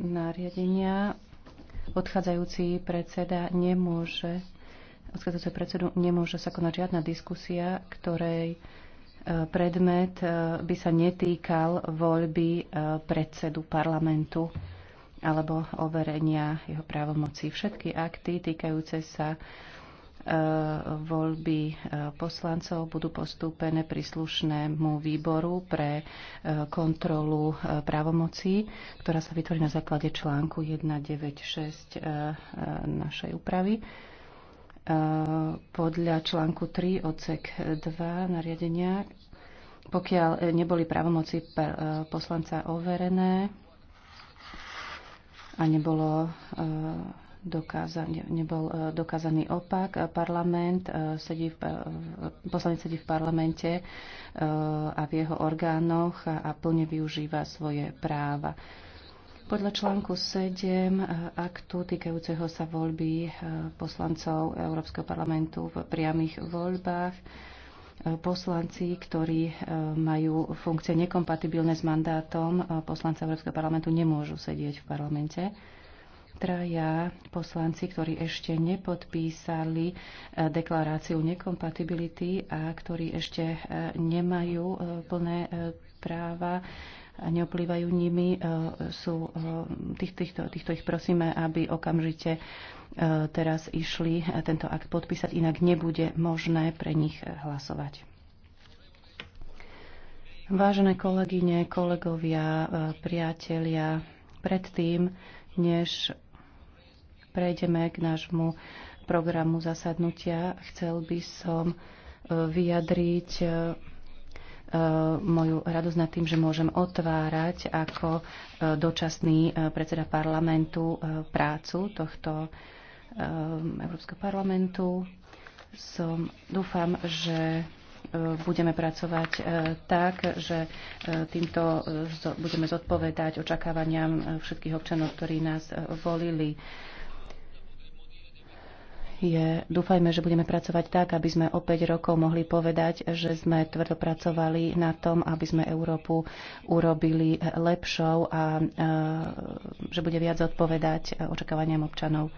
nariadenia odchádzajúci predseda nemôže odchádzajúceho predsedu nemôže sa konať žiadna diskusia, ktorej e, predmet e, by sa netýkal voľby e, predsedu parlamentu alebo overenia jeho právomocí. Všetky akty týkajúce sa E, voľby e, poslancov budú postúpené príslušnému výboru pre e, kontrolu právomocí, ktorá sa vytvorí na základe článku 196 našej úpravy. Podľa článku 3 odsek 2 nariadenia, pokiaľ neboli právomoci poslanca overené a nebolo dokáza, nebol e, dokázaný opak. E, parlament e, sedí v, poslanec sedí v parlamente a v jeho orgánoch a plne využíva svoje práva. Podľa článku 7 aktu týkajúceho sa voľby poslancov Európskeho parlamentu v priamých voľbách poslanci, ktorí majú funkcie nekompatibilné s mandátom poslanca Európskeho parlamentu, nemôžu sedieť v parlamente traja poslanci, ktorí ešte nepodpísali e, deklaráciu nekompatibility a ktorí ešte e, nemajú e, plné práva a neoplývajú nimi, sú, tých, týchto, týchto ich prosíme, aby okamžite teraz išli tento akt podpísať, inak nebude možné pre nich hlasovať. Vážené kolegyne, kolegovia, priatelia, predtým, než prejdeme k nášmu programu zasadnutia, chcel by som e, vyjadriť e, e, moju radosť nad tým, že môžem otvárať ako dočasný predseda parlamentu prácu tohto Európskeho parlamentu. Som, dúfam, že budeme pracovať tak, že týmto budeme zodpovedať očakávaniam všetkých občanov, ktorí nás volili je, dúfajme, že budeme pracovať tak, aby sme o 5 rokov mohli povedať, že sme tvrdopracovali na tom, aby sme Európu urobili lepšou a e, že bude viac odpovedať e, očakávaniam občanov.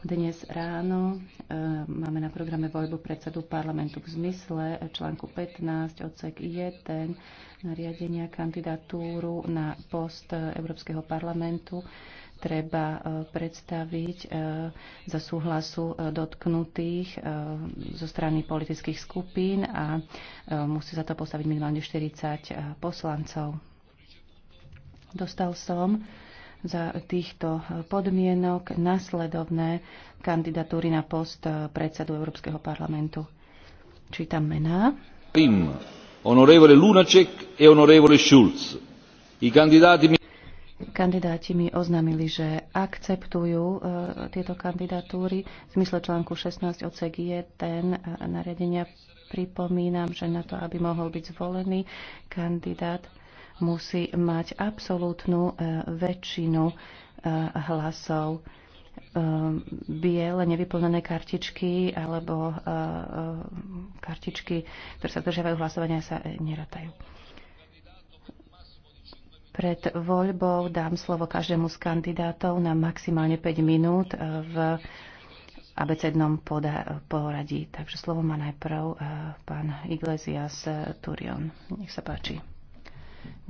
Dnes ráno e, máme na programe voľbu predsedu parlamentu v zmysle článku 15 odsek 1 nariadenia kandidatúru na post Európskeho parlamentu treba e, predstaviť e, za súhlasu e, dotknutých zo strany politických skupín a musí za to postaviť minimálne 40 poslancov. Dostal som za týchto podmienok nasledovné kandidatúry na post predsedu Európskeho parlamentu. Čítam mená. Pim, honorevole Lunacek e honorevole Schulz. I kandidáti... Kandidáti mi oznámili, že akceptujú e, tieto kandidatúry. V zmysle článku 16 odsek 1 e, nariadenia pripomínam, že na to, aby mohol byť zvolený kandidát, musí mať absolútnu e, väčšinu hlasov biele nevyplnené kartičky alebo kartičky, ktoré sa držiavajú hlasovania, sa nerátajú. Pred voľbou dám slovo každému z kandidátov na maximálne 5 minút eh, v abecednom poradí. Takže slovo má najprv eh, pán Iglesias Turion. Nech sa páči.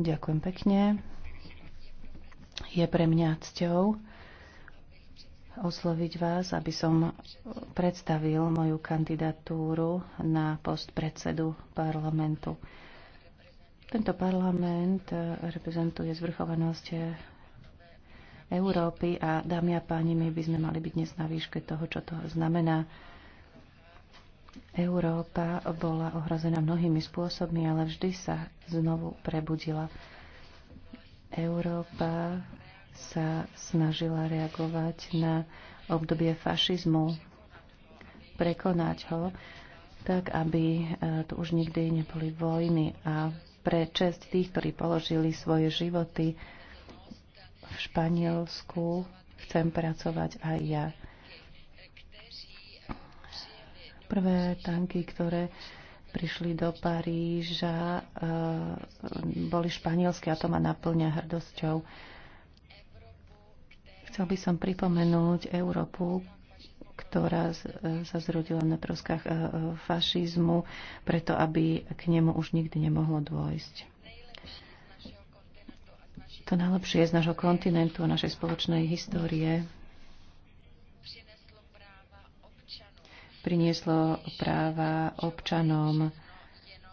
Ďakujem pekne. Je pre mňa cťou osloviť vás, aby som predstavil moju kandidatúru na post predsedu parlamentu. Tento parlament e, reprezentuje zvrchovanosť e, Európy a dámy a páni, my by sme mali byť dnes na výške toho, čo to znamená. Európa bola ohrozená mnohými spôsobmi, ale vždy sa znovu prebudila. Európa sa snažila reagovať na obdobie fašizmu, prekonať ho, tak aby e, tu už nikdy neboli vojny a pre čest tých, ktorí položili svoje životy v Španielsku. Chcem pracovať aj ja. Prvé tanky, ktoré prišli do Paríža, eh, boli španielské a to ma naplňa hrdosťou. Chcel by som pripomenúť Európu, ktorá e, sa zrodila na troskách e, e, fašizmu, preto aby k nemu už nikdy nemohlo dôjsť. To najlepšie je z nášho kontinentu a našej spoločnej histórie prinieslo práva občanom.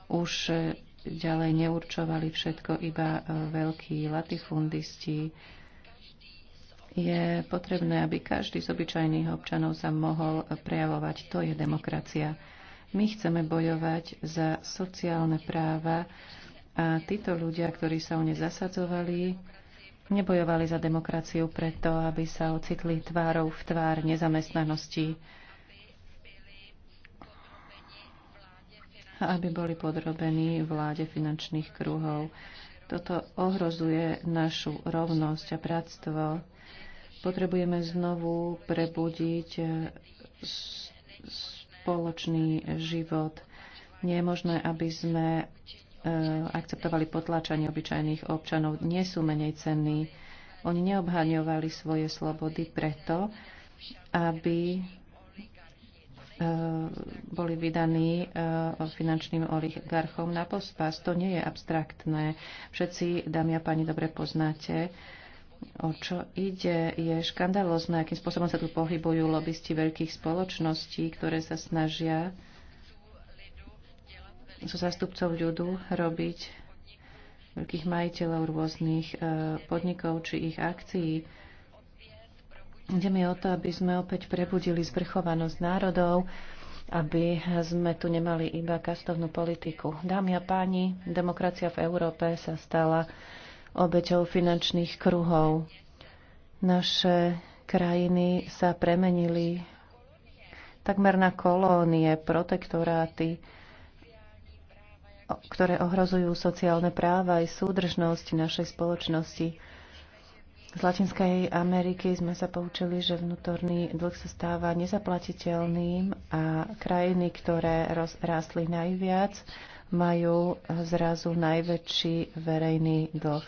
Už ďalej neurčovali všetko iba veľkí latifundisti, je potrebné, aby každý z obyčajných občanov sa mohol prejavovať. To je demokracia. My chceme bojovať za sociálne práva a títo ľudia, ktorí sa o ne zasadzovali, nebojovali za demokraciu preto, aby sa ocitli tvárou v tvár nezamestnanosti a aby boli podrobení vláde finančných kruhov. Toto ohrozuje našu rovnosť a bratstvo Potrebujeme znovu prebudiť e, spoločný život. Nie je možné, aby sme e, akceptovali potláčanie obyčajných občanov. Nie sú menej cenní. Oni neobhaňovali svoje slobody preto, aby e, boli vydaní finančným oligarchom na pospas. To nie je abstraktné. Všetci, dámy a páni, dobre poznáte O čo ide, je škandalozné, akým spôsobom sa tu pohybujú lobbysti veľkých spoločností, ktoré sa snažia so zástupcov ľudu robiť veľkých majiteľov rôznych e, podnikov či ich akcií. Ide mi o to, aby sme opäť prebudili zvrchovanosť národov, aby sme tu nemali iba kastovnú politiku. Dámy a páni, demokracia v Európe sa stala obeťou finančných kruhov. Naše krajiny sa premenili takmer na kolónie, protektoráty, ktoré ohrozujú sociálne práva aj súdržnosť našej spoločnosti. Z Latinskej Ameriky sme sa poučili, že vnútorný dlh sa stáva nezaplatiteľným a krajiny, ktoré rástli najviac, majú zrazu najväčší verejný dlh.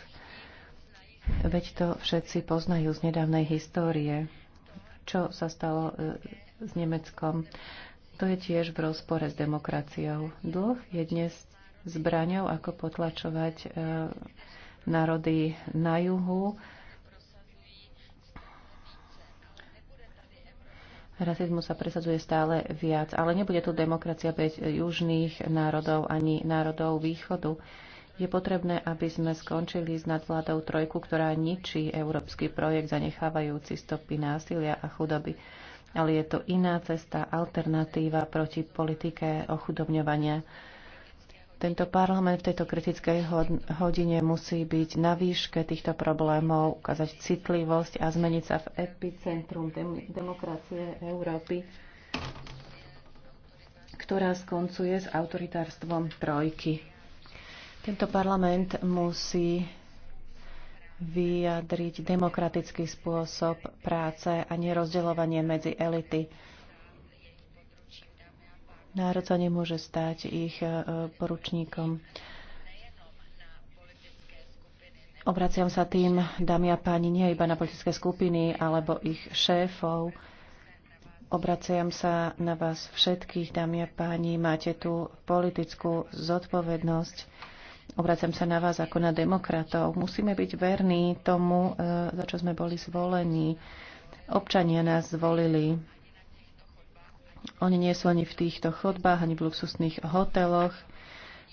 Veď to všetci poznajú z nedávnej histórie. Čo sa stalo e, s Nemeckom? To je tiež v rozpore s demokraciou. Dlh je dnes zbraňou, ako potlačovať e, národy na juhu. Rasizmus sa presadzuje stále viac, ale nebude tu demokracia bez južných národov ani národov východu. Je potrebné, aby sme skončili s nadvládou trojku, ktorá ničí európsky projekt, zanechávajúci stopy násilia a chudoby. Ale je to iná cesta, alternatíva proti politike ochudobňovania. Tento parlament v tejto kritickej hodine musí byť na výške týchto problémov, ukázať citlivosť a zmeniť sa v epicentrum dem- demokracie Európy, ktorá skoncuje s autoritárstvom trojky. Tento parlament musí vyjadriť demokratický spôsob práce a nerozdeľovanie medzi elity. Národ sa nemôže stať ich e, poručníkom. Obraciam sa tým, dámy a páni, nie iba na politické skupiny alebo ich šéfov. Obraciam sa na vás všetkých, dámy a páni. Máte tu politickú zodpovednosť Obracam sa na vás ako na demokratov. Musíme byť verní tomu, e, za čo sme boli zvolení. Občania nás zvolili. Oni nie sú ani v týchto chodbách, ani v luxusných hoteloch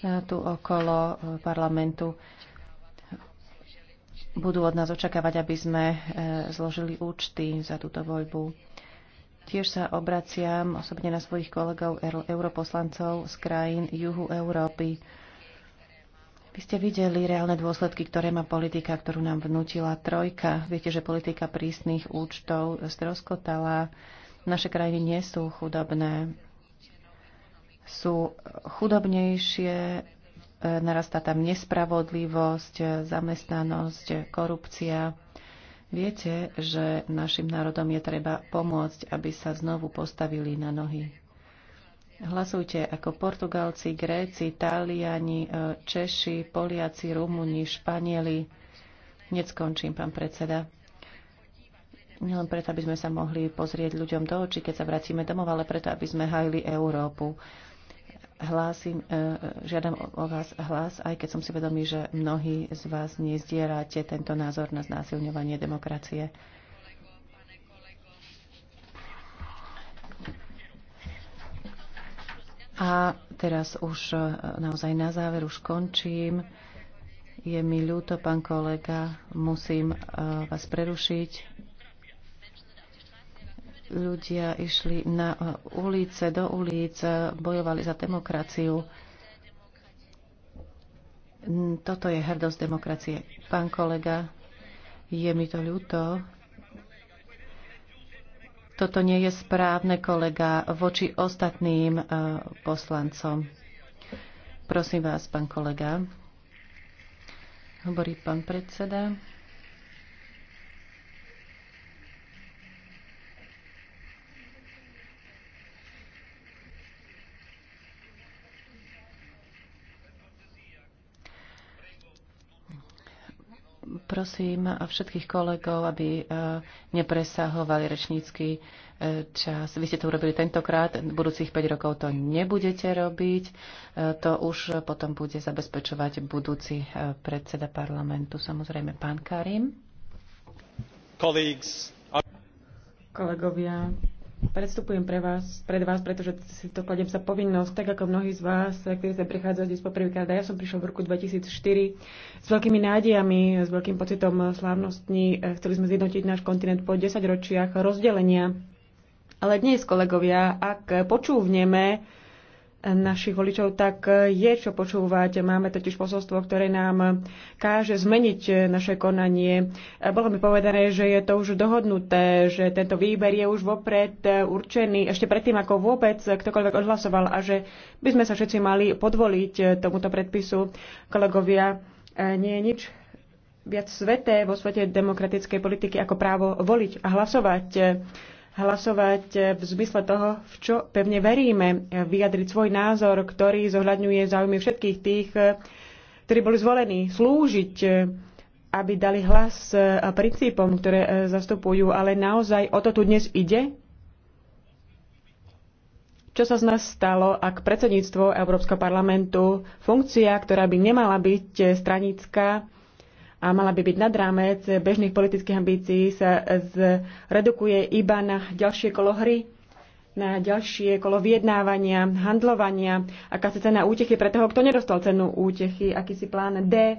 e, tu okolo e, parlamentu. Budú od nás očakávať, aby sme zložili účty za túto voľbu. Tiež sa obraciam osobne na svojich kolegov europoslancov z krajín juhu Európy vy ste videli reálne dôsledky, ktoré má politika, ktorú nám vnútila trojka. Viete, že politika prísnych účtov stroskotala. Naše krajiny nie sú chudobné. Sú chudobnejšie, e, narastá tam nespravodlivosť, zamestnanosť, korupcia. Viete, že našim národom je treba pomôcť, aby sa znovu postavili na nohy. Hlasujte ako Portugalci, Gréci, Taliani, e, Češi, Poliaci, Rumúni, Španieli. Hneď skončím, pán predseda. Nielen preto, aby sme sa mohli pozrieť ľuďom do očí, keď sa vracíme domov, ale preto, aby sme hajili Európu. Hlásim, e, žiadam o vás hlas, aj keď som si vedomý, že mnohí z vás nezdielate tento názor na znásilňovanie demokracie. A teraz už e, naozaj na záver už končím. Je mi ľúto, pán kolega, musím e, vás prerušiť. Ľudia išli na e, ulice, do ulic, bojovali za demokraciu. Toto je hrdosť demokracie. Pán kolega, je mi to ľúto, toto nie je správne, kolega, voči ostatným e, poslancom. Prosím vás, pán kolega. Hovorí pán predseda. Prosím všetkých kolegov, aby e, nepresahovali rečnícky e, čas. Vy ste to urobili tentokrát, budúcich 5 rokov to nebudete robiť. E, to už potom bude zabezpečovať budúci predseda parlamentu, samozrejme pán Karim. Kolegovia, predstupujem pre vás, pred vás, pretože si to kladiem sa povinnosť, tak ako mnohí z vás, ktorí sa prichádzajú dnes poprvýkrát. Ja som prišiel v roku 2004 s veľkými nádejami, s veľkým pocitom slávnostní. E, chceli sme zjednotiť náš kontinent po 10 ročiach rozdelenia. Ale dnes, kolegovia, ak počúvneme našich voličov, tak je čo počúvať. Máme totiž posolstvo, ktoré nám káže zmeniť naše konanie. Bolo mi povedané, že je to už dohodnuté, že tento výber je už vopred určený, ešte predtým, ako vôbec ktokoľvek odhlasoval a že by sme sa všetci mali podvoliť tomuto predpisu. Kolegovia, nie je nič viac sveté vo svete demokratickej politiky ako právo voliť a hlasovať hlasovať v zmysle toho, v čo pevne veríme, vyjadriť svoj názor, ktorý zohľadňuje záujmy všetkých tých, ktorí boli zvolení slúžiť, aby dali hlas princípom, ktoré zastupujú. Ale naozaj o to tu dnes ide? Čo sa z nás stalo, ak predsedníctvo Európskeho parlamentu, funkcia, ktorá by nemala byť stranická, a mala by byť nad rámec bežných politických ambícií, sa zredukuje iba na ďalšie kolo hry, na ďalšie kolo vyjednávania, handlovania, aká sa cena útechy pre toho, kto nedostal cenu útechy, akýsi plán D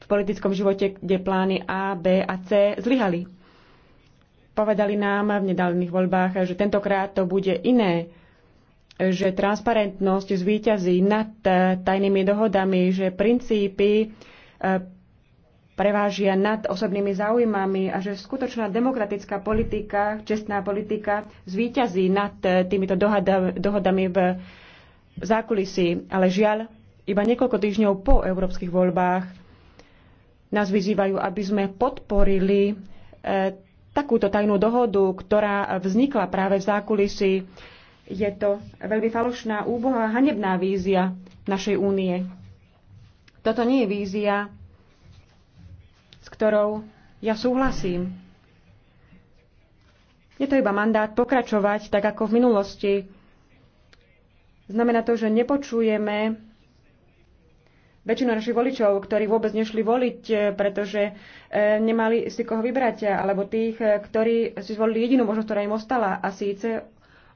v politickom živote, kde plány A, B a C zlyhali. Povedali nám v nedávnych voľbách, že tentokrát to bude iné, že transparentnosť zvýťazí nad tajnými dohodami, že princípy eh, prevážia nad osobnými záujmami a že skutočná demokratická politika, čestná politika zvíťazí nad e, týmito dohada, dohodami v zákulisí. Ale žiaľ, iba niekoľko týždňov po európskych voľbách nás vyzývajú, aby sme podporili e, takúto tajnú dohodu, ktorá vznikla práve v zákulisí. Je to veľmi falošná, úbohá, hanebná vízia našej únie. Toto nie je vízia, ktorou ja súhlasím. Je to iba mandát pokračovať tak ako v minulosti. Znamená to, že nepočujeme väčšinu našich voličov, ktorí vôbec nešli voliť, eh, pretože eh, nemali si koho vybrať, alebo tých, eh, ktorí si zvolili jedinú možnosť, ktorá im ostala, a síce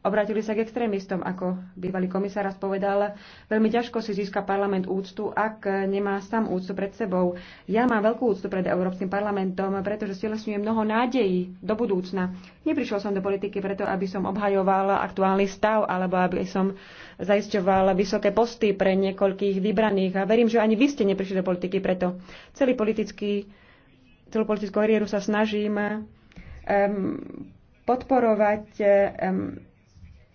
Obratili sa k extrémistom, ako bývalý komisár raz povedal. Veľmi ťažko si získa parlament úctu, ak nemá sám úctu pred sebou. Ja mám veľkú úctu pred Európskym parlamentom, pretože stelesňuje mnoho nádejí do budúcna. Neprišiel som do politiky preto, aby som obhajoval aktuálny stav alebo aby som zaisťoval vysoké posty pre niekoľkých vybraných. A verím, že ani vy ste neprišli do politiky preto. Celý politický, celú politickú kariéru sa snažím um, podporovať um,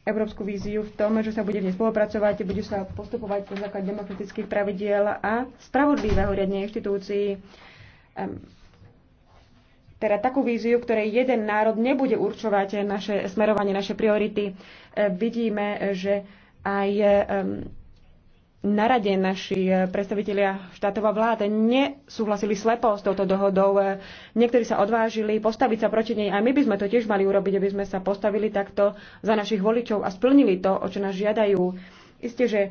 európsku víziu v tom, že sa bude v nej spolupracovať, bude sa postupovať po základe demokratických pravidiel a spravodlivého riadne inštitúcií. Teda takú víziu, ktorej jeden národ nebude určovať naše smerovanie, naše priority. Vidíme, že aj na rade naši eh, predstavitelia štátov a vlád nesúhlasili slepo s touto dohodou. Eh, niektorí sa odvážili postaviť sa proti nej a my by sme to tiež mali urobiť, aby sme sa postavili takto za našich voličov a splnili to, o čo nás žiadajú. Isté, že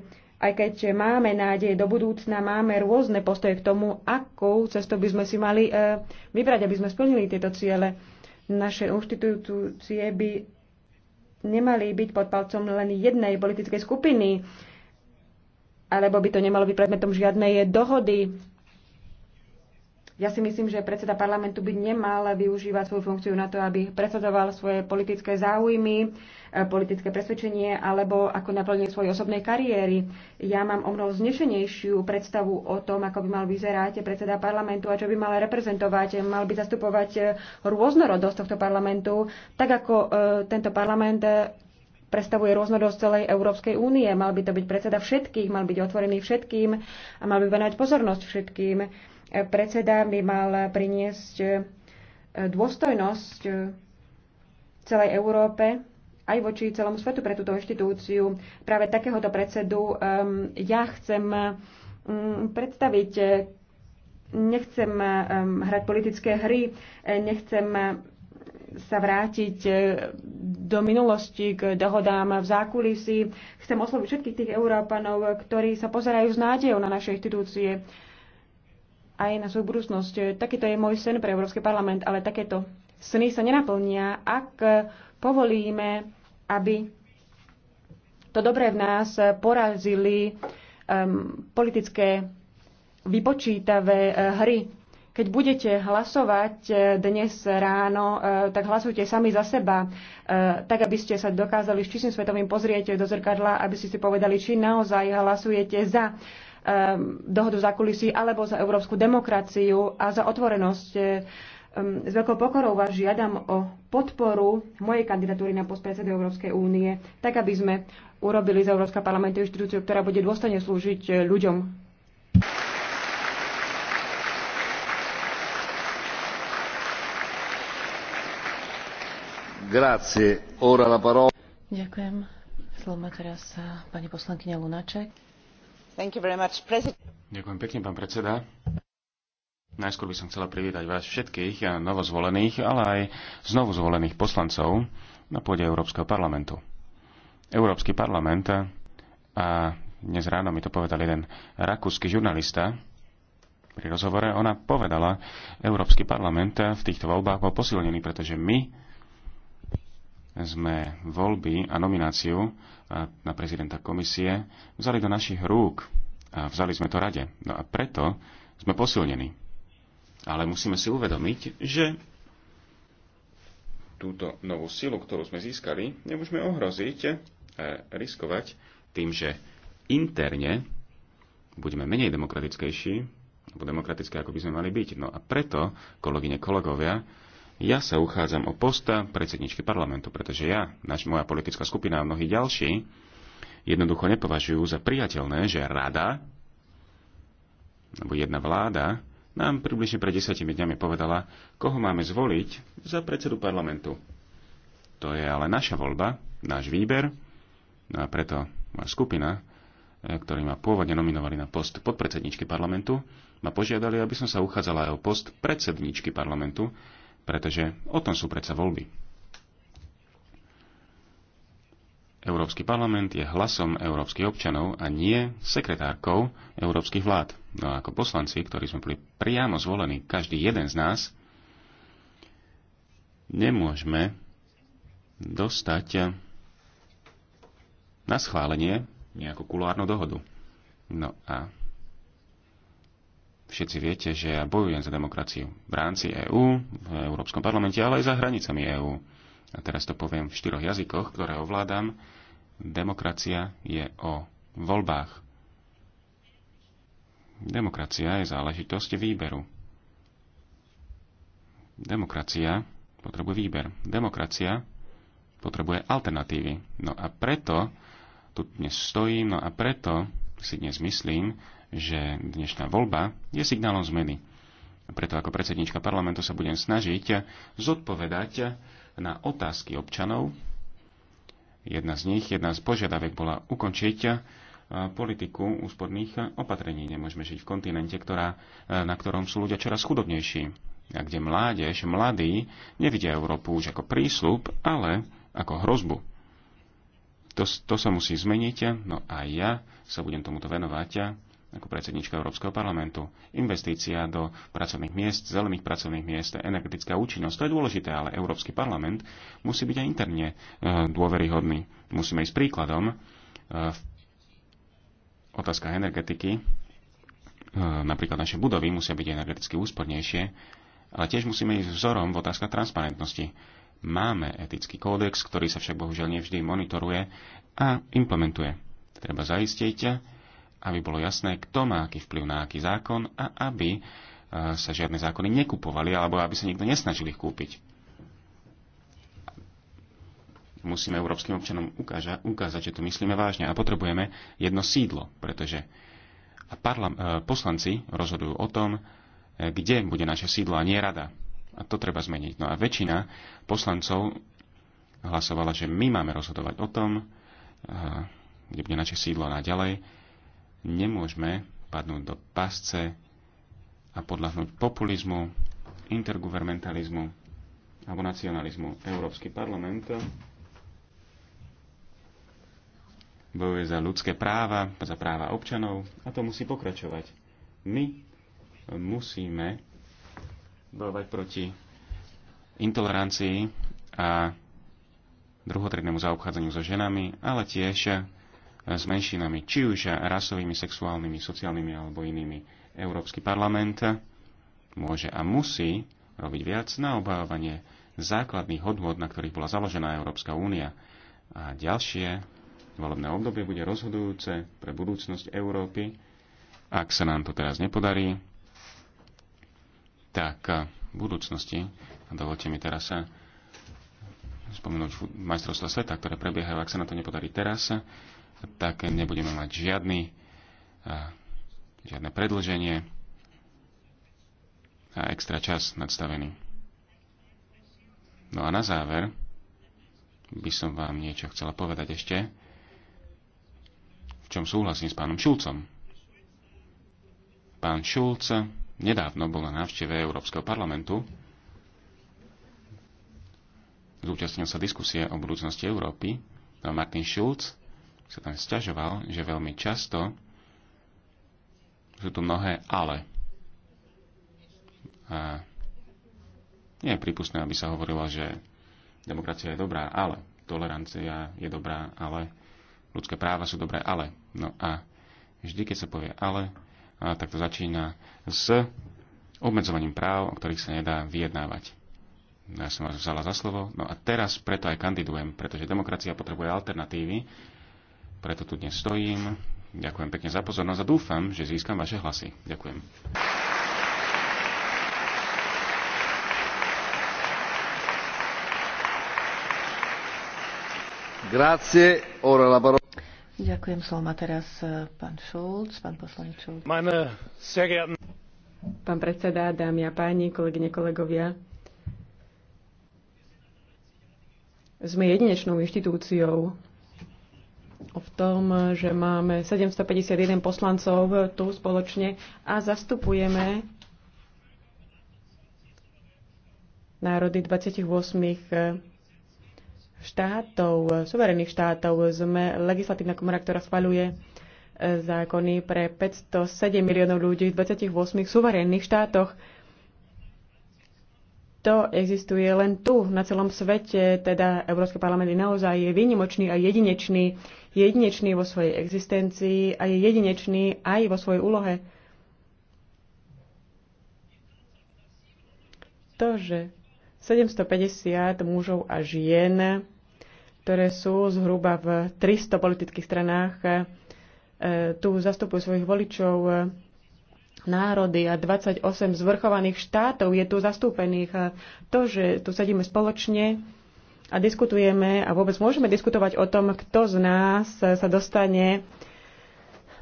aj keď máme nádej do budúcna, máme rôzne postoje k tomu, akú cestu by sme si mali eh, vybrať, aby sme splnili tieto ciele. Naše inštitúcie by nemali byť pod palcom len jednej politickej skupiny alebo by to nemalo byť predmetom žiadnej dohody. Ja si myslím, že predseda parlamentu by nemal využívať svoju funkciu na to, aby presadzoval svoje politické záujmy, e, politické presvedčenie alebo ako naplnenie svojej osobnej kariéry. Ja mám o mnoho znešenejšiu predstavu o tom, ako by mal vyzerať predseda parlamentu a čo by mal reprezentovať. Mal by zastupovať rôznorodosť tohto parlamentu, tak ako e, tento parlament predstavuje rôznorodosť celej Európskej únie. Mal by to byť predseda všetkých, mal byť otvorený všetkým a mal by venovať pozornosť všetkým. Predseda by mal priniesť eh, dôstojnosť eh, celej Európe aj voči celému svetu pre túto inštitúciu. Práve takéhoto predsedu um, ja chcem um, predstaviť. Nechcem um, hrať politické hry, eh, nechcem sa vrátiť do minulosti, k dohodám v zákulisí. Chcem osloviť všetkých tých Európanov, ktorí sa pozerajú s nádejou na naše inštitúcie aj na svoju budúcnosť. Takýto je môj sen pre Európsky parlament, ale takéto sny sa nenaplnia, ak povolíme, aby to dobré v nás porazili um, politické vypočítavé eh, hry keď budete hlasovať e, dnes ráno, e, tak hlasujte sami za seba, e, tak aby ste sa dokázali s čistým svetovým pozrieť do zrkadla, aby ste si povedali, či naozaj hlasujete za dohodu za kulisy alebo za európsku demokraciu a za otvorenosť. S veľkou pokorou vás žiadam o podporu mojej kandidatúry na post predsedu Európskej únie, tak aby sme urobili z Európska parlamentu inštitúciu, ktorá bude dôstojne slúžiť ľuďom. Ďakujem. Slovo má teraz eh, pani poslankyňa Ďakujem pekne, pán predseda. Najskôr by som chcela privítať vás všetkých, eh, novozvolených, ale aj znovu zvolených poslancov na pôde Európskeho parlamentu. Európsky parlament eh, a dnes ráno mi to povedal jeden rakúsky žurnalista, pri rozhovore ona povedala, Európsky parlament v týchto voľbách bol posilnený, pretože my sme voľby a nomináciu na prezidenta komisie vzali do našich rúk a vzali sme to rade. No a preto sme posilnení. Ale musíme si uvedomiť, že túto novú silu, ktorú sme získali, nemôžeme ohroziť, e, riskovať tým, že interne budeme menej demokratickejší, alebo demokratické, ako by sme mali byť. No a preto, kolegyne, kolegovia, ja sa uchádzam o posta predsedničky parlamentu, pretože ja, naš, moja politická skupina a mnohí ďalší jednoducho nepovažujú za priateľné, že rada alebo jedna vláda nám približne pred desiatimi dňami povedala, koho máme zvoliť za predsedu parlamentu. To je ale naša voľba, náš výber, no a preto moja skupina, eh, ktorí ma pôvodne nominovali na post podpredsedničky parlamentu, ma požiadali, aby som sa uchádzala aj o post predsedničky parlamentu, pretože o tom sú predsa voľby. Európsky parlament je hlasom európskych občanov a nie sekretárkou európskych vlád. No a ako poslanci, ktorí sme boli priamo zvolení, každý jeden z nás, nemôžeme dostať na schválenie nejakú kulárnu dohodu. No a Všetci viete, že ja bojujem za demokraciu v rámci EÚ, v Európskom parlamente, ale aj za hranicami EÚ. A teraz to poviem v štyroch jazykoch, ktoré ovládam. Demokracia je o voľbách. Demokracia je záležitosť výberu. Demokracia potrebuje výber. Demokracia potrebuje alternatívy. No a preto tu dnes stojím, no a preto si dnes myslím, že dnešná voľba je signálom zmeny. Preto ako predsednička parlamentu sa budem snažiť zodpovedať na otázky občanov. Jedna z nich, jedna z požiadavek bola ukončiť eh, politiku úsporných opatrení. Nemôžeme žiť v kontinente, ktorá, eh, na ktorom sú ľudia čoraz chudobnejší a kde mládež, mladí nevidia Európu už ako prísľub, ale ako hrozbu. To, to sa musí zmeniť, no a ja sa budem tomuto venovať ako predsednička Európskeho parlamentu. Investícia do pracovných miest, zelených pracovných miest, energetická účinnosť, to je dôležité, ale Európsky parlament musí byť aj interne e, dôveryhodný. Musíme ísť príkladom e, v otázkach energetiky. E, napríklad naše budovy musia byť energeticky úspornejšie, ale tiež musíme ísť vzorom v otázkach transparentnosti. Máme etický kódex, ktorý sa však bohužiaľ nevždy monitoruje a implementuje. Treba zaistiť, aby bolo jasné, kto má aký vplyv na aký zákon a aby e, sa žiadne zákony nekupovali alebo aby sa nikto nesnažil ich kúpiť. Musíme európskym občanom ukáža, ukázať, že to myslíme vážne a potrebujeme jedno sídlo, pretože a parlam, e, poslanci rozhodujú o tom, e, kde bude naše sídlo a nie rada. A to treba zmeniť. No a väčšina poslancov hlasovala, že my máme rozhodovať o tom, kde bude naše sídlo a naďalej nemôžeme padnúť do pasce a podľahnúť populizmu, intergovernmentalizmu alebo nacionalizmu. Európsky parlament bojuje za ľudské práva, za práva občanov a to musí pokračovať. My musíme bojovať proti intolerancii a druhotrednému zaobchádzaniu so ženami, ale tiež s menšinami, či už rasovými, sexuálnymi, sociálnymi alebo inými. Európsky parlament môže a musí robiť viac na obávanie základných hodnot, na ktorých bola založená Európska únia. A ďalšie volebné obdobie bude rozhodujúce pre budúcnosť Európy. Ak sa nám to teraz nepodarí, tak v budúcnosti, a dovolte mi teraz sa spomenúť majstrovstva sveta, ktoré prebiehajú, ak sa na to nepodarí teraz, tak nebudeme mať žiadny, žiadne predlženie a extra čas nadstavený. No a na záver by som vám niečo chcela povedať ešte, v čom súhlasím s pánom Šulcom. Pán Šulc nedávno bol na návšteve Európskeho parlamentu. Zúčastnil sa diskusie o budúcnosti Európy. No Martin Šulc sa tam sťažoval, že veľmi často sú tu mnohé ale. A nie je prípustné, aby sa hovorilo, že demokracia je dobrá, ale tolerancia je dobrá, ale ľudské práva sú dobré, ale. No a vždy, keď sa povie ale, a tak to začína s obmedzovaním práv, o ktorých sa nedá vyjednávať. Ja som vás vzala za slovo. No a teraz preto aj kandidujem, pretože demokracia potrebuje alternatívy preto tu dnes stojím. Ďakujem pekne za pozornosť a dúfam, že získam vaše hlasy. Ďakujem. Grazie. Ora la parola. Ďakujem, slovo má teraz e, pán Šulc, pán poslanec Šulc. Meine sehr geehrten... Pán predseda, dámy a páni, kolegyne, kolegovia. Sme jedinečnou inštitúciou, v tom, že máme 751 poslancov tu spoločne a zastupujeme národy 28 štátov, suverénnych štátov. Sme legislatívna komora, ktorá schvaľuje eh, zákony pre 507 miliónov ľudí v 28 suverénnych štátoch to existuje len tu, na celom svete, teda Európsky parlament je naozaj je výnimočný a jedinečný, jedinečný vo svojej existencii a je jedinečný aj vo svojej úlohe. To, že 750 mužov a žien, ktoré sú zhruba v 300 politických stranách, e, tu zastupujú svojich voličov, národy a 28 zvrchovaných štátov je tu zastúpených. A to, že tu sedíme spoločne a diskutujeme a vôbec môžeme diskutovať o tom, kto z nás sa dostane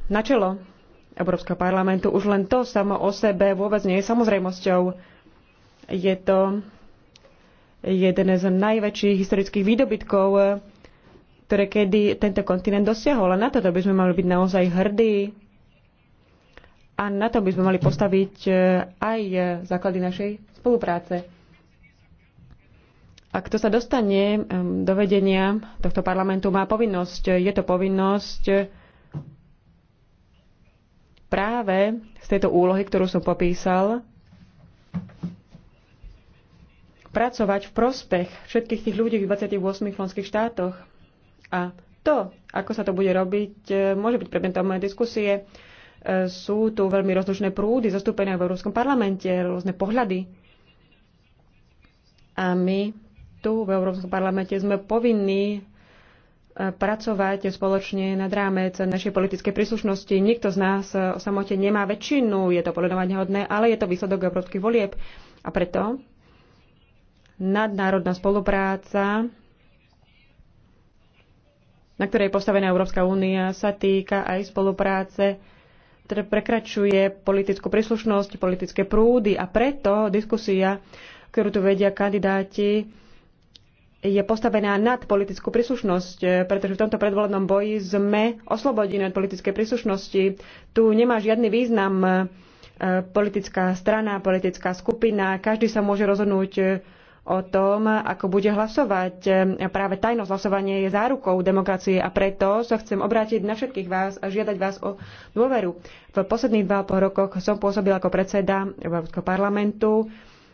na čelo Európskeho parlamentu, už len to samo o sebe vôbec nie je samozrejmosťou. Je to jeden z najväčších historických výdobytkov, ktoré kedy tento kontinent dosiahol. A na toto by sme mali byť naozaj hrdí a na to by sme mali postaviť e, aj e, základy našej spolupráce. A kto sa dostane do vedenia tohto parlamentu, má povinnosť, e, je to povinnosť práve z tejto úlohy, ktorú som popísal, pracovať v prospech všetkých tých ľudí v 28 členských štátoch. A to, ako sa to bude robiť, môže byť predmetom mojej diskusie sú tu veľmi rozlučné prúdy zastúpené v Európskom parlamente, rôzne pohľady. A my tu v Európskom parlamente sme povinní e, pracovať spoločne nad rámec našej politickej príslušnosti. Nikto z nás e, o samote nemá väčšinu, je to poledovanie hodné, ale je to výsledok európskych volieb. A preto nadnárodná spolupráca, na ktorej je postavená Európska únia, sa týka aj spolupráce prekračuje politickú príslušnosť, politické prúdy a preto diskusia, ktorú tu vedia kandidáti, je postavená nad politickú príslušnosť, pretože v tomto predvolebnom boji sme oslobodení od politickej príslušnosti. Tu nemá žiadny význam e, politická strana, politická skupina. Každý sa môže rozhodnúť o tom, ako bude hlasovať. Práve tajnosť hlasovania je zárukou demokracie a preto sa chcem obrátiť na všetkých vás a žiadať vás o dôveru. V posledných dva po rokoch som pôsobil ako predseda Európskeho parlamentu.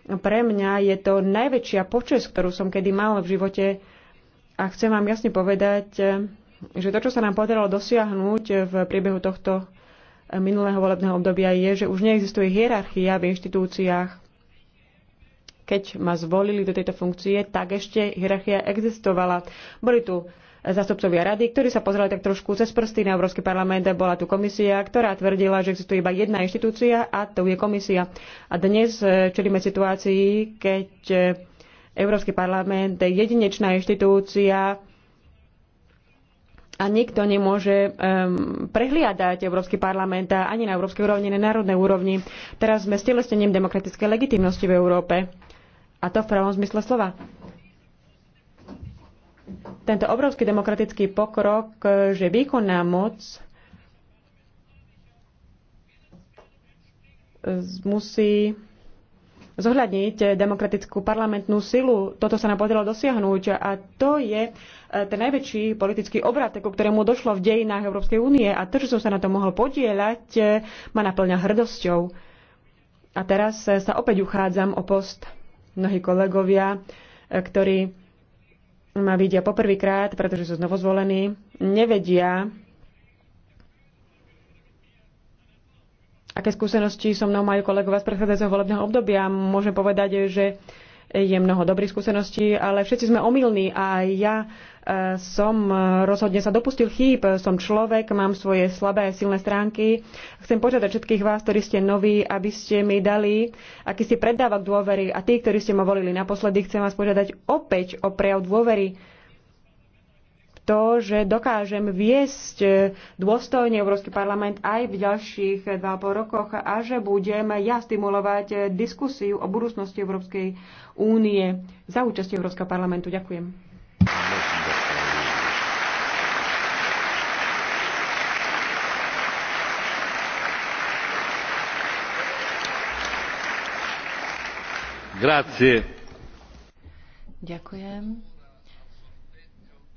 Pre mňa je to najväčšia počesť, ktorú som kedy mal v živote a chcem vám jasne povedať, že to, čo sa nám podarilo dosiahnuť v priebehu tohto minulého volebného obdobia je, že už neexistuje hierarchia v inštitúciách keď ma zvolili do tejto funkcie, tak ešte hierarchia existovala. Boli tu zastupcovia rady, ktorí sa pozerali tak trošku cez prsty na Európsky parlament. a Bola tu komisia, ktorá tvrdila, že existuje iba jedna inštitúcia a to je komisia. A dnes eh, čelíme situácii, keď eh, Európsky parlament je jedinečná inštitúcia a nikto nemôže um, prehliadať Európsky parlament ani na európskej úrovni, ani na národnej úrovni. Teraz sme stelesnením demokratickej legitimnosti v Európe. A to v pravom zmysle slova. Tento obrovský demokratický pokrok, že výkonná moc musí zohľadniť demokratickú parlamentnú silu. Toto sa nám podarilo dosiahnuť a to je e, ten najväčší politický obrat, ku ktorému došlo v dejinách Európskej únie a to, že som sa na to mohol podieľať, e, ma naplňa hrdosťou. A teraz sa opäť uchádzam o post mnohí kolegovia, e, ktorí ma vidia poprvýkrát, pretože sú znovu zvolení, nevedia, aké skúsenosti so mnou majú kolegovia z predchádzajúceho volebného obdobia. Môžem povedať, že je mnoho dobrých skúseností, ale všetci sme omylní a ja som e, rozhodne sa dopustil chýb, som človek, mám svoje slabé a silné stránky. Chcem požiadať všetkých vás, ktorí ste noví, aby ste mi dali akýsi predávok dôvery a tí, ktorí ste ma volili naposledy, chcem vás požiadať opäť o prejav dôvery to, že dokážem viesť e, dôstojne Európsky parlament aj v ďalších 2,5 rokoch a že budem ja stimulovať e, diskusiu o budúcnosti Európskej únie za účasti Európskeho parlamentu. Ďakujem. Ďakujem.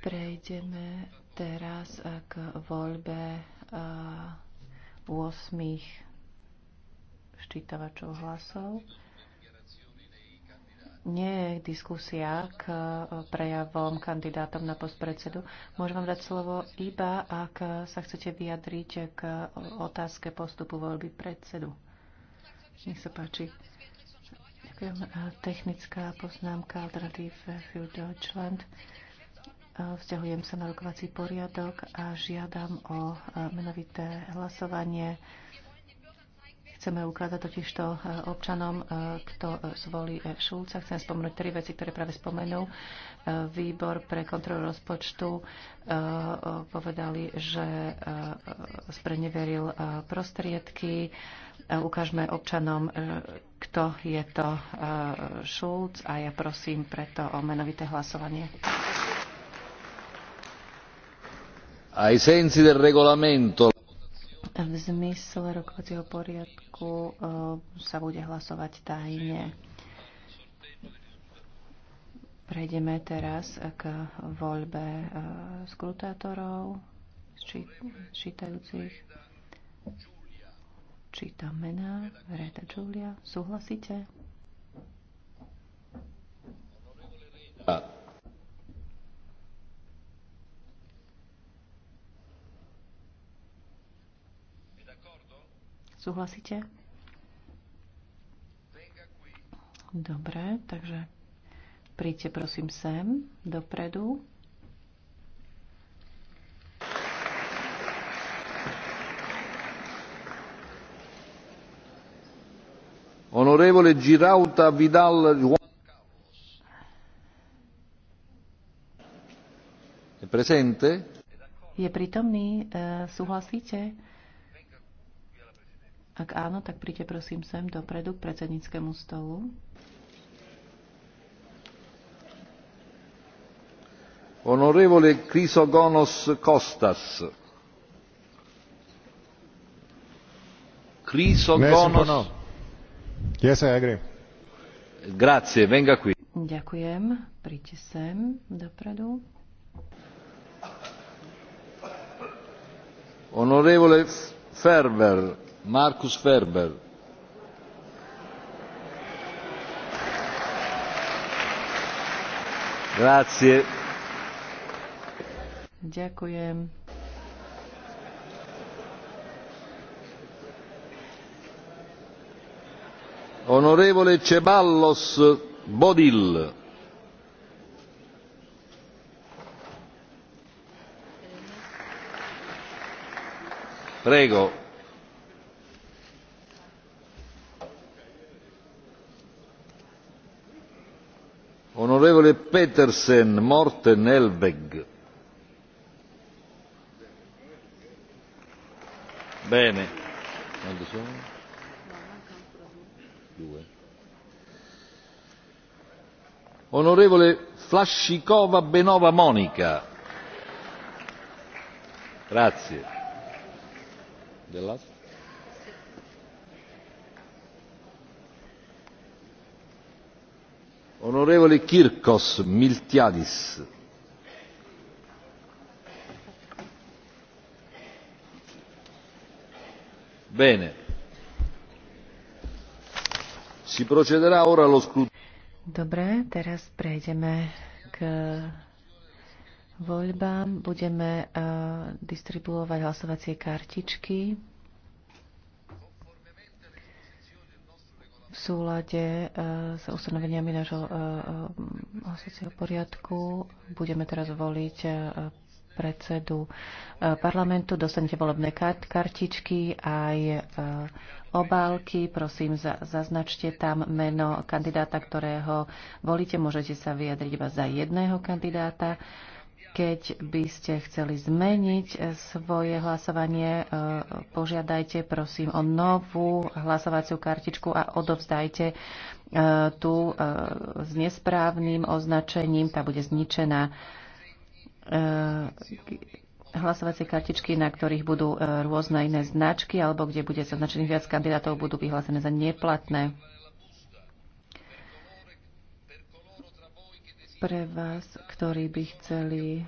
Prejdeme teraz eh, k voľbe 8 eh, ščítavačov hlasov. Nie je diskusia k eh, prejavom kandidátom na post predsedu. Môžem vám dať slovo iba, ak sa chcete vyjadriť k otázke postupu voľby predsedu. Nech sa páči. Ďakujem. Technická poznámka alternatíve eh, Fairfield Deutschland. Eh, vzťahujem sa na rokovací poriadok a žiadam o eh, menovité hlasovanie. Chceme ukázať totižto občanom, kto zvolí Šulca. Chcem spomenúť tri veci, ktoré práve spomenú. Výbor pre kontrolu rozpočtu povedali, že spreneveril prostriedky. E, ukážme občanom, e, kto je to e, Šulc a ja prosím preto o menovité hlasovanie. Ai sensi del regolamento v zmysle rokovacieho poriadku sa bude hlasovať tajne. Prejdeme teraz k voľbe skrutátorov, ščítajúcich. Čítam mená. Reda Julia. Súhlasíte? A. Súhlasíte? Dobre, takže príďte prosím sem, dopredu. onorevole Girauta Vidal Juan Je presente? Je prítomný? Eh, súhlasíte? Ak áno, tak príďte prosím sem dopredu k predsedníckému stolu. Onorevole Chrysogonos Kostas. Chrysogonos... Yes, I agree. Grazie, venga qui. Ďakujem, príďte sem dopredu. Honorevole Ferber, Markus Ferber. Grazie. Ďakujem. onorevole ceballos bodil onorevole petersen morten elveg bene onorevole flascicova benova monica grazie onorevole kirkos miltiadis bene si procederà ora allo scrutinio. Dobre, teraz prejdeme k voľbám. Budeme uh, distribuovať hlasovacie kartičky. v súlade eh, s ustanoveniami nášho eh, hlasovacieho poriadku budeme teraz voliť predsedu e, parlamentu. Dostanete volebné kartičky aj e, obálky. Prosím, zaznačte tam meno kandidáta, ktorého volíte. Môžete sa vyjadriť iba za jedného kandidáta. Keď by ste chceli zmeniť e, svoje hlasovanie, požiadajte prosím o novú hlasovaciu kartičku a odovzdajte tú s nesprávnym označením. Tá bude zničená. Eh, hlasovacie kartičky, na ktorých budú eh, rôzne iné značky, alebo kde bude označených viac kandidátov, budú vyhlásené za neplatné. Pre vás, ktorí by chceli eh,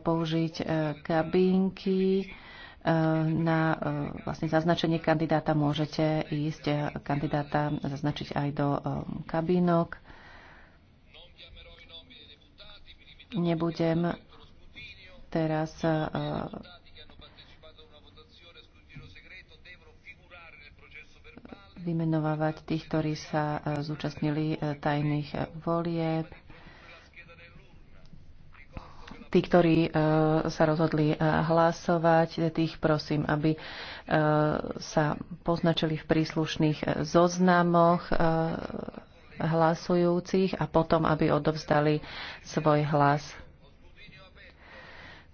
použiť kabinky na vlastne zaznačenie kandidáta, môžete ísť kandidáta zaznačiť aj do kabínok. Nebudem teraz e, vymenovávať tých, ktorí sa e, zúčastnili e, tajných volieb. Tí, ktorí sa rozhodli hlasovať, tých prosím, aby sa poznačili v príslušných zoznamoch hlasujúcich a potom, aby odovzdali svoj hlas.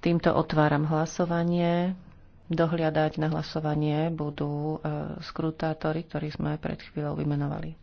Týmto otváram hlasovanie. Dohliadať na hlasovanie budú e, skrutátori, ktorí sme pred chvíľou vymenovali.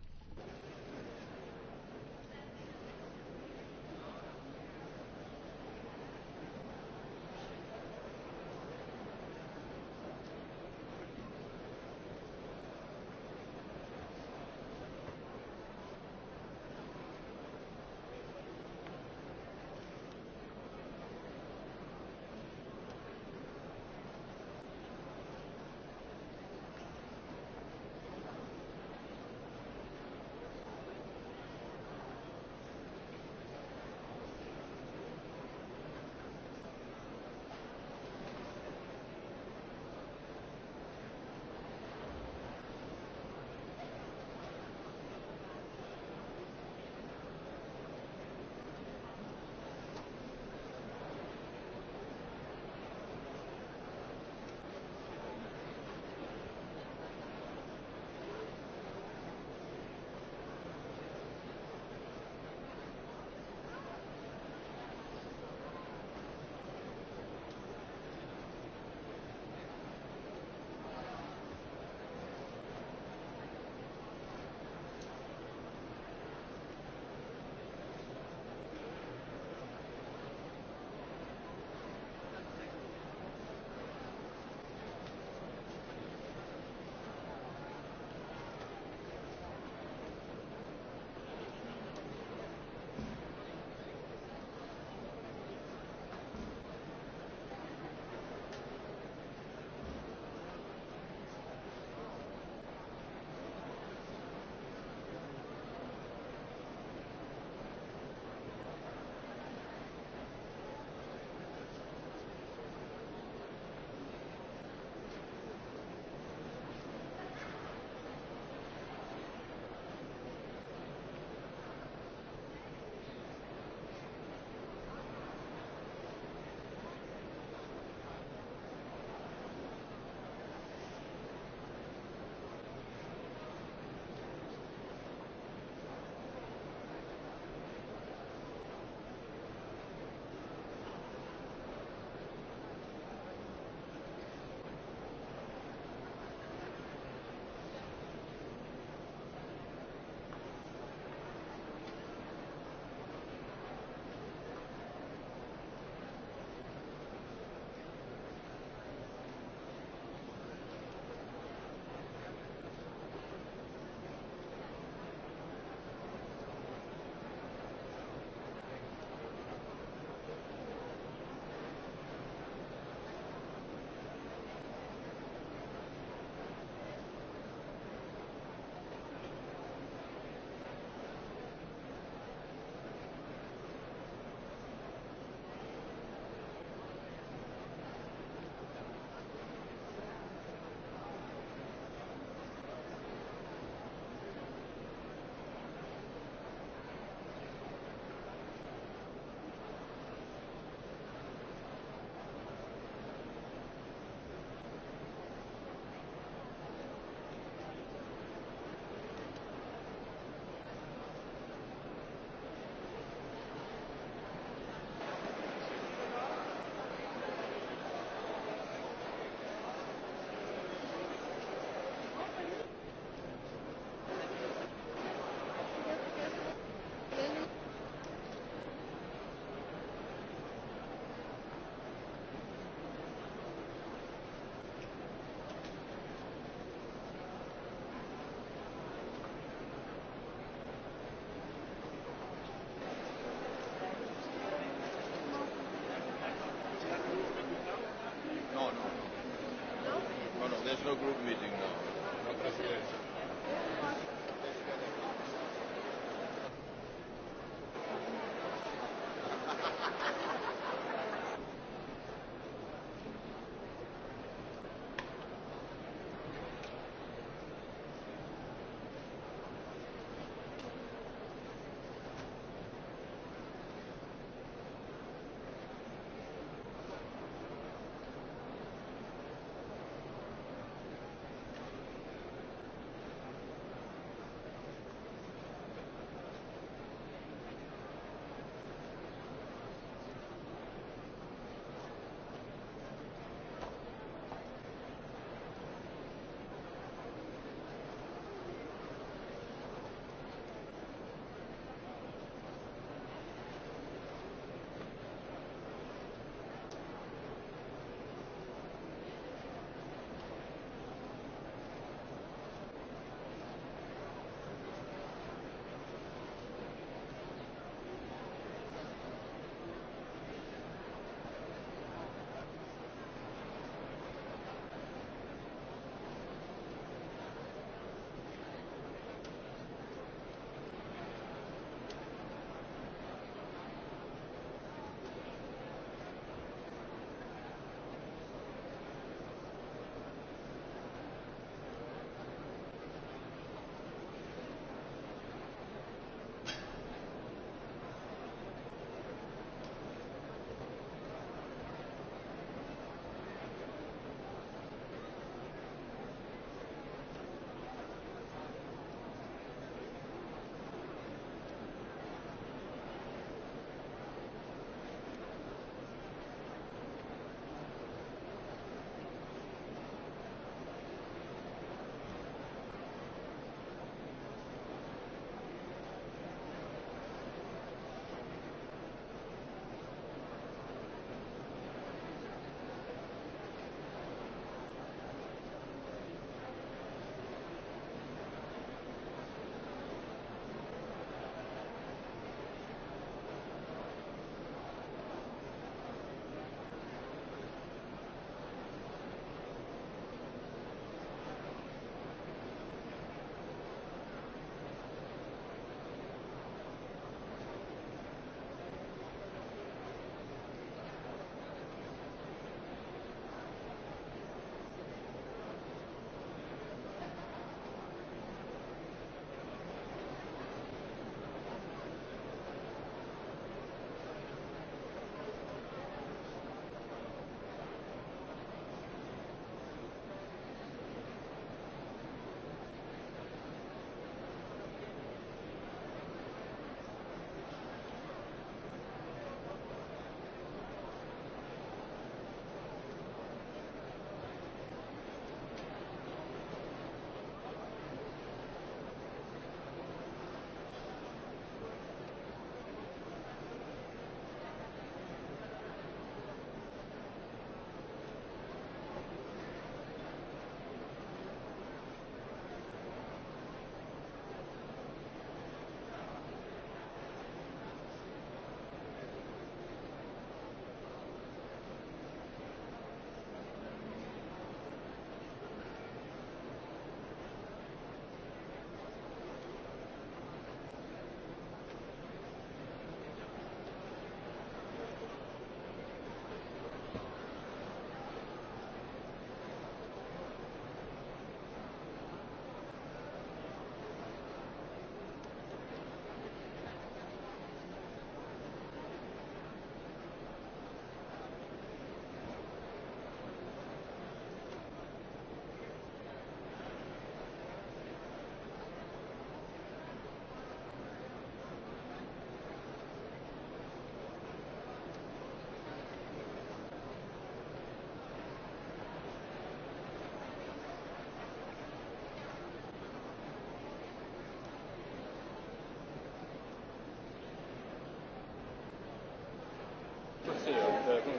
the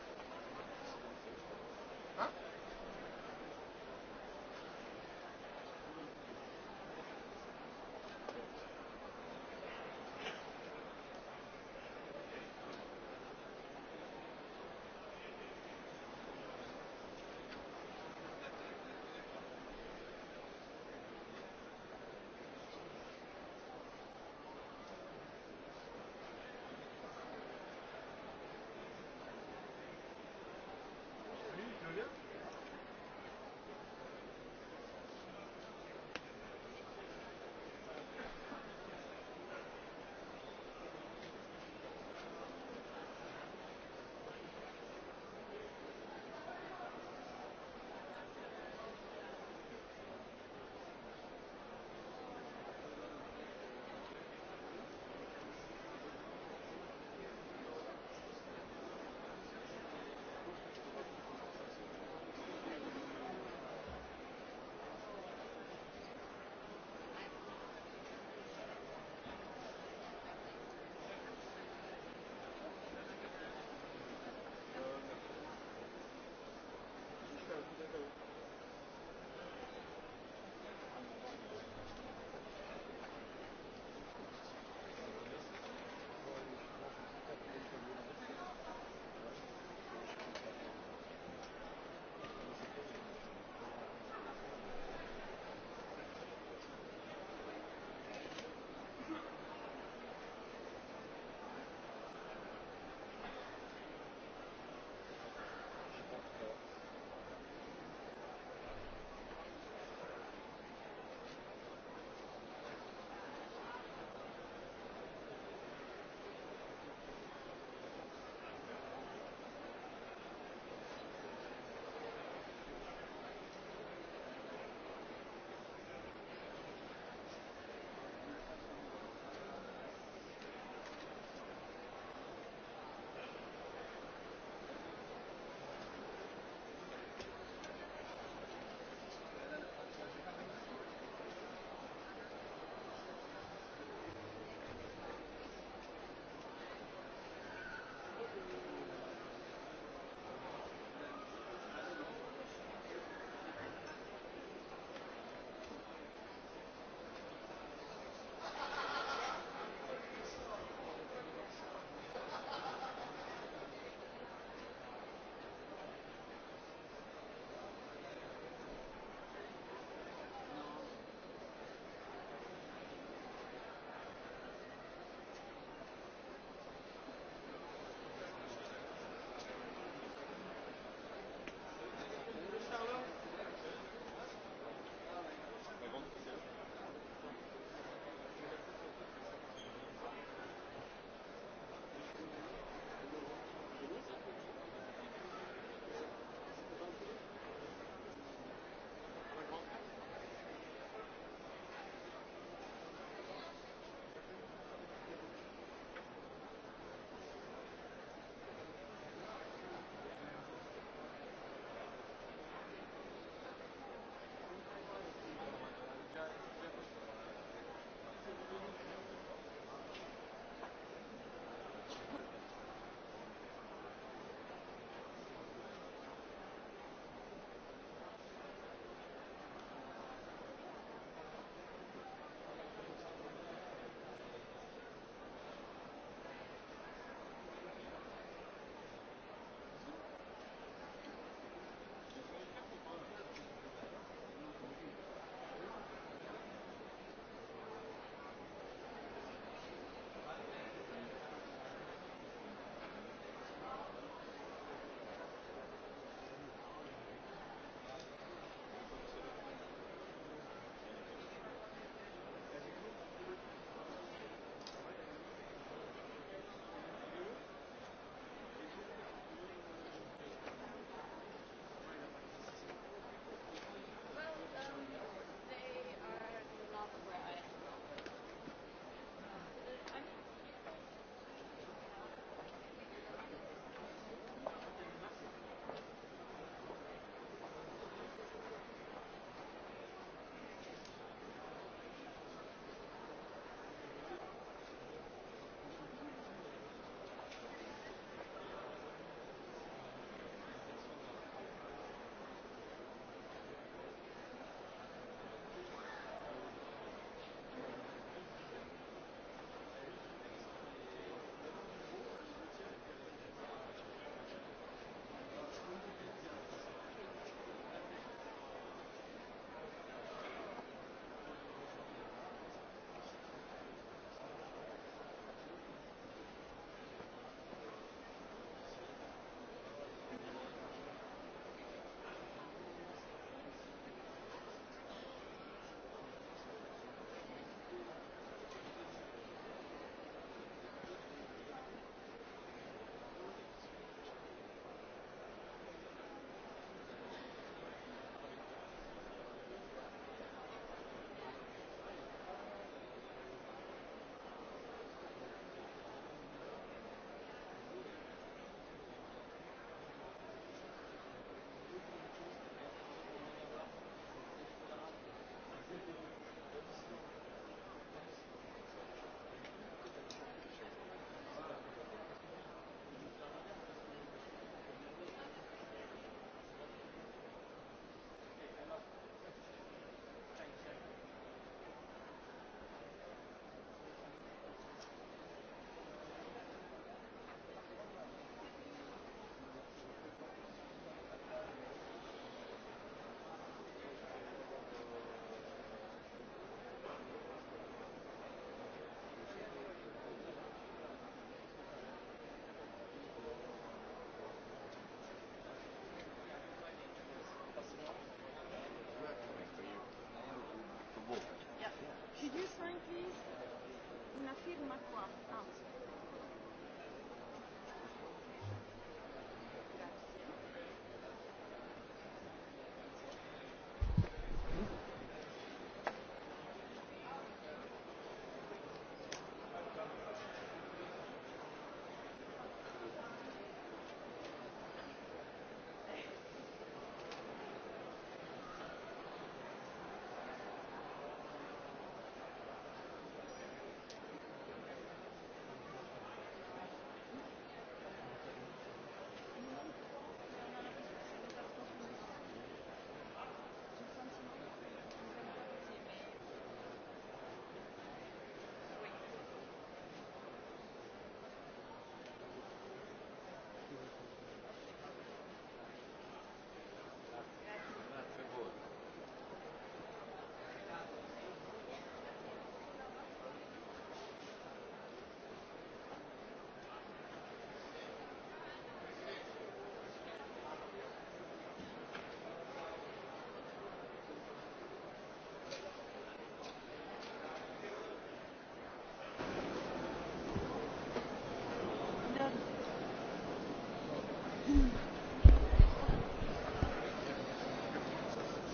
una firma qua. Ah.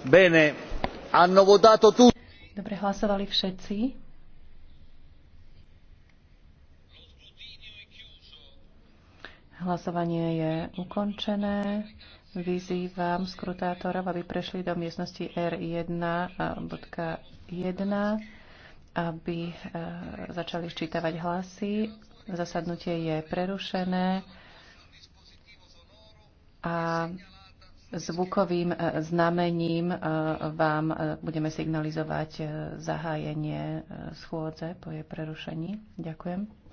Bene, hanno votato tutti Dobre, hlasovali všetci. Hlasovanie je ukončené. Vyzývam skrutátorov, aby prešli do miestnosti R1.1, aby e, začali ščítavať hlasy. Zasadnutie je prerušené a Zvukovým e, znamením e, vám e, budeme signalizovať zahájenie schôdze po jej prerušení. Ďakujem.